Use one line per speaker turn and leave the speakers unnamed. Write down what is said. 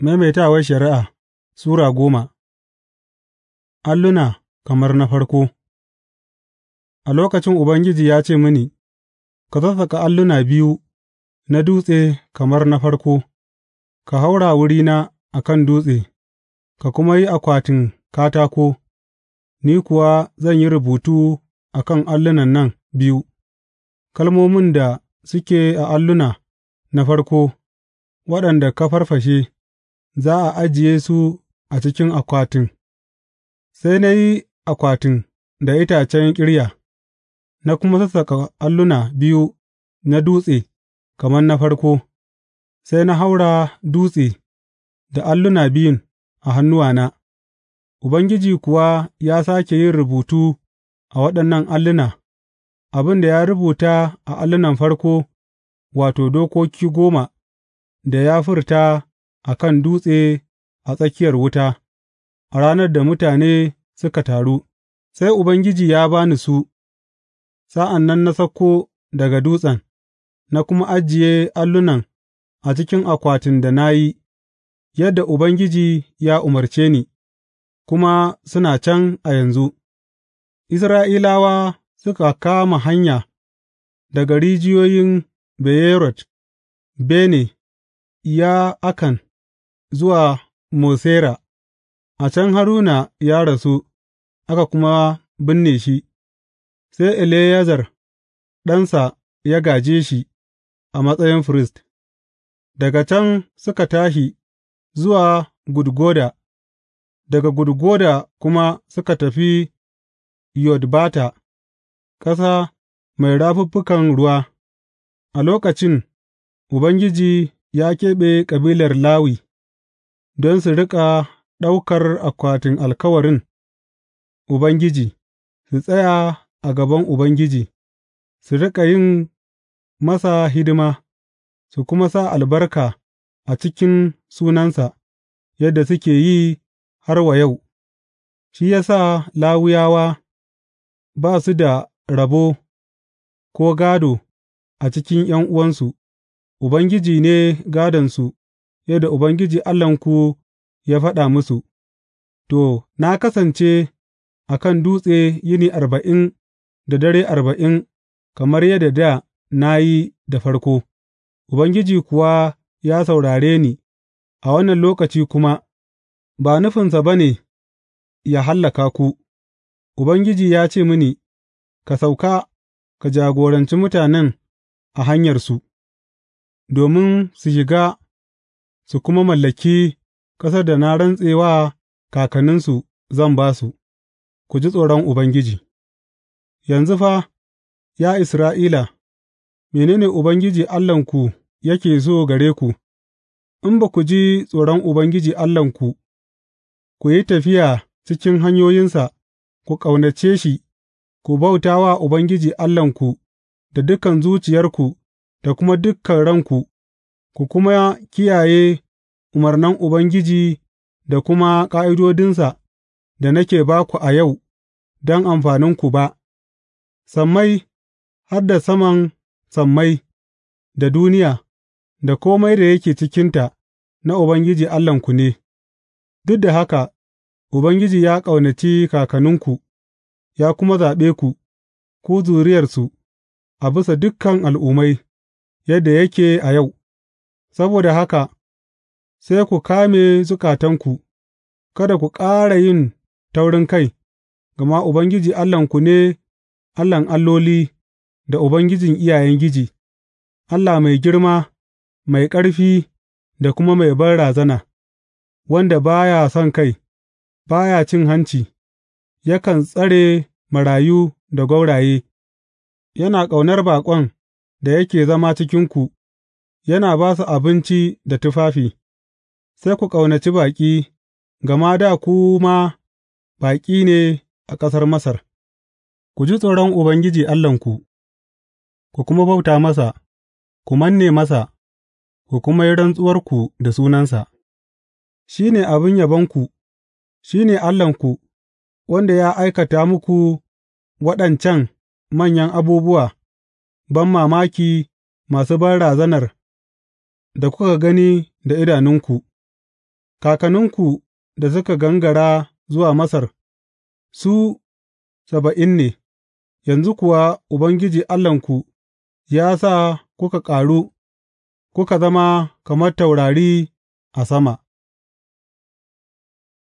Maimaitawar Shari'a Sura goma Alluna kamar na farko A lokacin Ubangiji ya ce mini, Ka sassaƙa alluna biyu na dutse kamar na farko, ka haura wurina a kan dutse, ka kuma yi akwatin katako, ni kuwa zan yi rubutu a kan allunan nan biyu, kalmomin da suke a alluna na farko, waɗanda ka farfashe. za a ajiye su a cikin akwatin, sai na yi akwatin da itacen ƙirya, na kuma sassaƙa alluna biyu na dutse kamar na farko, sai na haura dutse da alluna biyun a hannuwana, Ubangiji kuwa ya sake yin rubutu a waɗannan alluna, abin da ya rubuta a allunan farko, wato, dokoki goma da ya furta a kan dutse a tsakiyar wuta, a ranar da mutane suka taru, sai Ubangiji ya ba ni su, sa'an nan na sauko daga dutsen, na kuma ajiye allunan a cikin akwatin da na yi, yadda Ubangiji ya umarce ni, kuma suna can a yanzu. Isra'ilawa suka kama hanya daga rijiyoyin Beyerot, Bene, ya akan zuwa Mosera. a can Haruna ya rasu aka kuma binne shi, sai Eleyazar ɗansa ya gaje shi a matsayin firist, daga can suka tashi zuwa Gudgoda, daga Gudgoda kuma suka tafi Yodbata, ƙasa mai rafuffukan ruwa, a lokacin Ubangiji ya keɓe kabilar Lawi. don su riƙa ɗaukar akwatin alkawarin Ubangiji, su tsaya a gaban Ubangiji, su riƙa yin masa hidima, su kuma sa albarka a cikin sunansa, yadda suke yi har wa yau, shi ya sa lawuyawa ba su da rabo ko gado a cikin ’yan'uwansu, Ubangiji ne gādonsu. yadda Ubangiji Allahnku ya faɗa musu, to, na kasance a kan dutse yini arba'in da dare arba'in kamar yadda da na yi da farko, Ubangiji kuwa ya saurare ni a wannan lokaci kuma, ba nufinsa ba ne ya hallaka ku, Ubangiji ya ce mini, Ka sauka, ka jagoranci mutanen a hanyarsu, domin su shiga su kuma mallaki ƙasar da na rantse wa kakanninsu zan ba su, ku ji tsoron Ubangiji Yanzu fa, ya Isra'ila, Menene Ubangiji Allahnku yake so gare ku, in ba ku ji tsoron Ubangiji Allahnku, ku yi tafiya cikin hanyoyinsa, ku ƙaunace shi, ku bauta wa Ubangiji Allahnku da dukan zuciyarku da kuma dukan ranku. ku kuma kiyaye umarnan Ubangiji da kuma ƙa'idodinsa da nake ba ku a yau don amfaninku ba, sammai, har da saman sammai, da duniya, da kome da yake cikinta na Ubangiji Allahnku ne, duk da haka Ubangiji ya ƙaunaci kakanninku, ya kuma zaɓe ku, ku zuriyarsu, a bisa dukan al'ummai, yadda yake a yau. Saboda haka sai ku kame zukatanku, kada ku ƙara yin taurinkai, gama Ubangiji Allahnku ne Allahn alloli da Ubangijin iyayengiji, Allah mai girma, mai ƙarfi da kuma mai banrazana, wanda ba ya son kai, ba ya cin hanci, yakan tsare marayu da gwauraye, yana ƙaunar baƙon da yake zama cikinku. yana ba su abinci da tufafi, sai ku ƙaunaci baƙi, gama da ku ma baƙi ne a ƙasar Masar, ku ji tsoron Ubangiji Allahnku, ku kuma bauta masa, ku manne masa, ku kuma yi rantsuwarku da sunansa, shi ne abin yabonku, shi ne Allahnku, wanda ya aikata muku waɗancan manyan abubuwa Ban mamaki masu banrazanar da kuka gani da idanunku, kakanninku da suka gangara zuwa Masar, su saba'in ne, yanzu kuwa Ubangiji Allahnku ya sa kuka ƙaru kuka zama kamar taurari a sama.